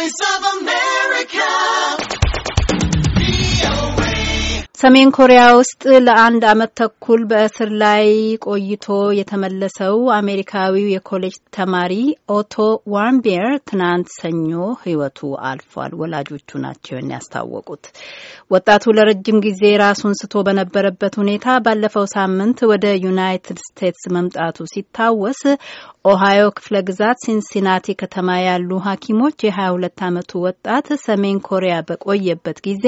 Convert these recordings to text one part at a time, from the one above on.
Voice of ሰሜን ኮሪያ ውስጥ ለአንድ ዓመት ተኩል በእስር ላይ ቆይቶ የተመለሰው አሜሪካዊው የኮሌጅ ተማሪ ኦቶ ዋርምቢየር ትናንት ሰኞ ሕይወቱ አልፏል። ወላጆቹ ናቸው ያስታወቁት። ወጣቱ ለረጅም ጊዜ ራሱን ስቶ በነበረበት ሁኔታ ባለፈው ሳምንት ወደ ዩናይትድ ስቴትስ መምጣቱ ሲታወስ ኦሃዮ ክፍለ ግዛት ሲንሲናቲ ከተማ ያሉ ሐኪሞች የ22 ዓመቱ ወጣት ሰሜን ኮሪያ በቆየበት ጊዜ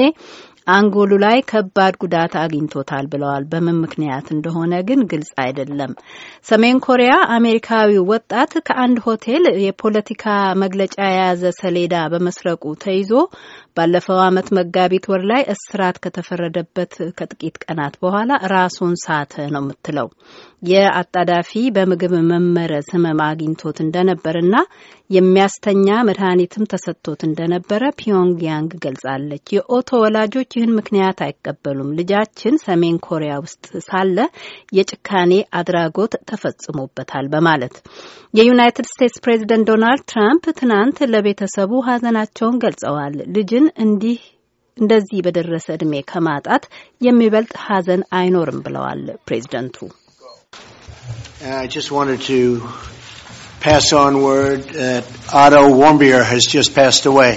አንጎሉ ላይ ከባድ ጉዳት አግኝቶታል ብለዋል። በምን ምክንያት እንደሆነ ግን ግልጽ አይደለም። ሰሜን ኮሪያ አሜሪካዊው ወጣት ከአንድ ሆቴል የፖለቲካ መግለጫ የያዘ ሰሌዳ በመስረቁ ተይዞ ባለፈው ዓመት መጋቢት ወር ላይ እስራት ከተፈረደበት ከጥቂት ቀናት በኋላ ራሱን ሳተ ነው የምትለው። የአጣዳፊ በምግብ መመረዝ ህመም አግኝቶት እንደነበርና የሚያስተኛ መድኃኒትም ተሰጥቶት እንደነበረ ፒዮንግያንግ ገልጻለች። የኦቶ ወላጆች ልጃችህን ምክንያት አይቀበሉም። ልጃችን ሰሜን ኮሪያ ውስጥ ሳለ የጭካኔ አድራጎት ተፈጽሞበታል በማለት የዩናይትድ ስቴትስ ፕሬዚደንት ዶናልድ ትራምፕ ትናንት ለቤተሰቡ ሀዘናቸውን ገልጸዋል። ልጅን እንዲህ እንደዚህ በደረሰ እድሜ ከማጣት የሚበልጥ ሀዘን አይኖርም ብለዋል ፕሬዚደንቱ። uh, pass on word that Otto Warmbier has just passed away.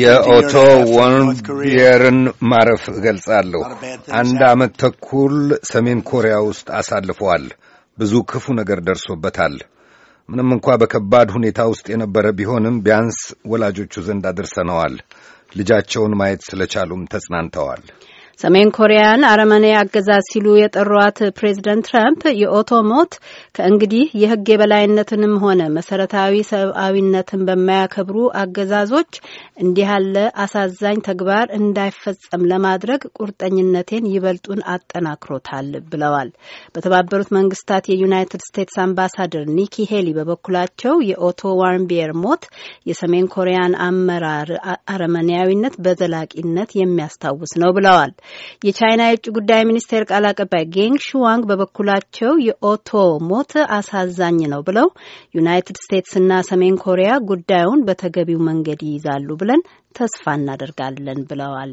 የኦቶ ወንቢየርን ማረፍ እገልጻለሁ። አንድ ዓመት ተኩል ሰሜን ኮሪያ ውስጥ አሳልፈዋል። ብዙ ክፉ ነገር ደርሶበታል። ምንም እንኳ በከባድ ሁኔታ ውስጥ የነበረ ቢሆንም ቢያንስ ወላጆቹ ዘንድ አድርሰነዋል። ልጃቸውን ማየት ስለቻሉም ተጽናንተዋል። ሰሜን ኮሪያን አረመኔ አገዛዝ ሲሉ የጠሯት ፕሬዚደንት ትራምፕ የኦቶ ሞት ከእንግዲህ የሕግ የበላይነትንም ሆነ መሰረታዊ ሰብአዊነትን በማያከብሩ አገዛዞች እንዲህ ያለ አሳዛኝ ተግባር እንዳይፈጸም ለማድረግ ቁርጠኝነቴን ይበልጡን አጠናክሮታል ብለዋል። በተባበሩት መንግስታት የዩናይትድ ስቴትስ አምባሳደር ኒኪ ሄሊ በበኩላቸው የኦቶ ዋርምቢየር ሞት የሰሜን ኮሪያን አመራር አረመኔያዊነት በዘላቂነት የሚያስታውስ ነው ብለዋል። የቻይና የውጭ ጉዳይ ሚኒስቴር ቃል አቀባይ ጌንግ ሹዋንግ በበኩላቸው የኦቶ ሞት አሳዛኝ ነው ብለው ዩናይትድ ስቴትስና ሰሜን ኮሪያ ጉዳዩን በተገቢው መንገድ ይይዛሉ ብለን ተስፋ እናደርጋለን ብለዋል።